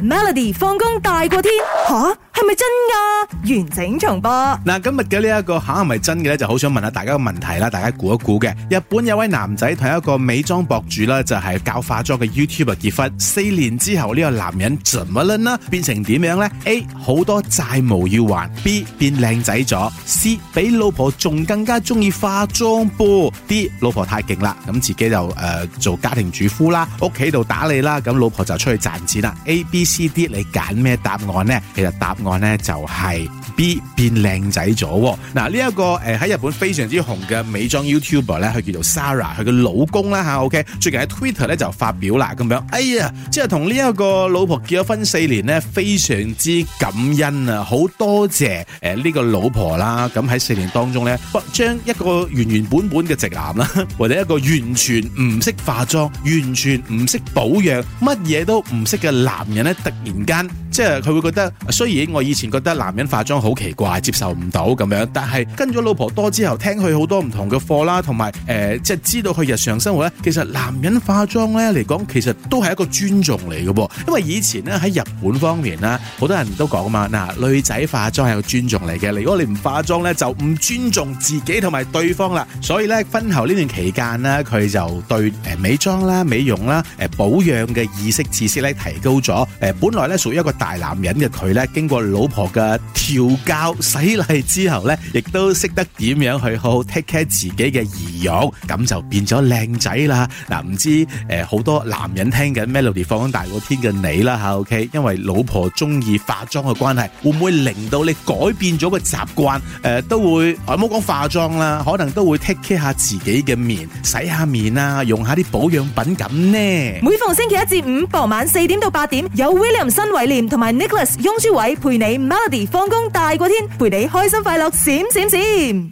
Melody 放工大過天，哈？係咪真㗎？完整重播嗱，今日嘅呢一個吓係咪真嘅呢，就好想問下大家個問題啦，大家估一估嘅。日本有位男仔同一個美妝博主啦，就係、是、教化妝嘅 YouTuber 結婚四年之後，呢、這個男人怎麼了？變成點樣呢？A 好多債務要還，B 變靚仔咗，C 比老婆仲更加中意化妝噃，D 老婆太勁啦，咁自己就誒、呃、做家庭主婦啦，屋企度打理啦，咁老婆就出去賺錢啦。A、B、C、D，你揀咩答案呢？其實答案。我咧就係 B 變靚仔咗。嗱呢一個誒喺日本非常之紅嘅美妝 YouTuber 咧，佢叫做 Sarah，佢嘅老公啦吓，OK，最近喺 Twitter 咧就發表啦咁樣，哎呀，即係同呢一個老婆結咗婚四年咧，非常之感恩啊，好多謝誒呢個老婆啦，咁喺四年當中咧，將一個原原本本嘅直男啦，或者一個完全唔識化妝、完全唔識保養、乜嘢都唔識嘅男人咧，突然間。即係佢會覺得，雖然我以前覺得男人化妝好奇怪，接受唔到咁樣，但係跟咗老婆多之後，聽佢好多唔同嘅課啦，同埋誒，即係知道佢日常生活咧，其實男人化妝咧嚟講，其實都係一個尊重嚟嘅噃。因為以前咧喺日本方面啦，好多人都講啊，嗱、呃、女仔化妝係個尊重嚟嘅，如果你唔化妝咧，就唔尊重自己同埋對方啦。所以咧，婚後呢段期間呢，佢就對誒美妝啦、美容啦、誒保養嘅意識知識咧提高咗。誒、呃，本來咧屬於一個大男人嘅佢咧，經過老婆嘅調教、洗禮之後咧，亦都識得點樣去好好 take care 自己嘅儀容，咁就變咗靚仔啦。嗱，唔知誒好多男人聽緊 Melody 放工大過天嘅你啦吓，啊，OK？因為老婆中意化妝嘅關係，會唔會令到你改變咗個習慣？誒、呃，都會，我唔好講化妝啦，可能都會 take care 下自己嘅面、洗下面啊，用下啲保養品咁呢？每逢星期一至五傍晚四點到八點，有 William 新偉廉同。同埋 Nicholas 雍舒偉陪你，Melody 放工大過天，陪你開心快樂閃閃閃。閃閃閃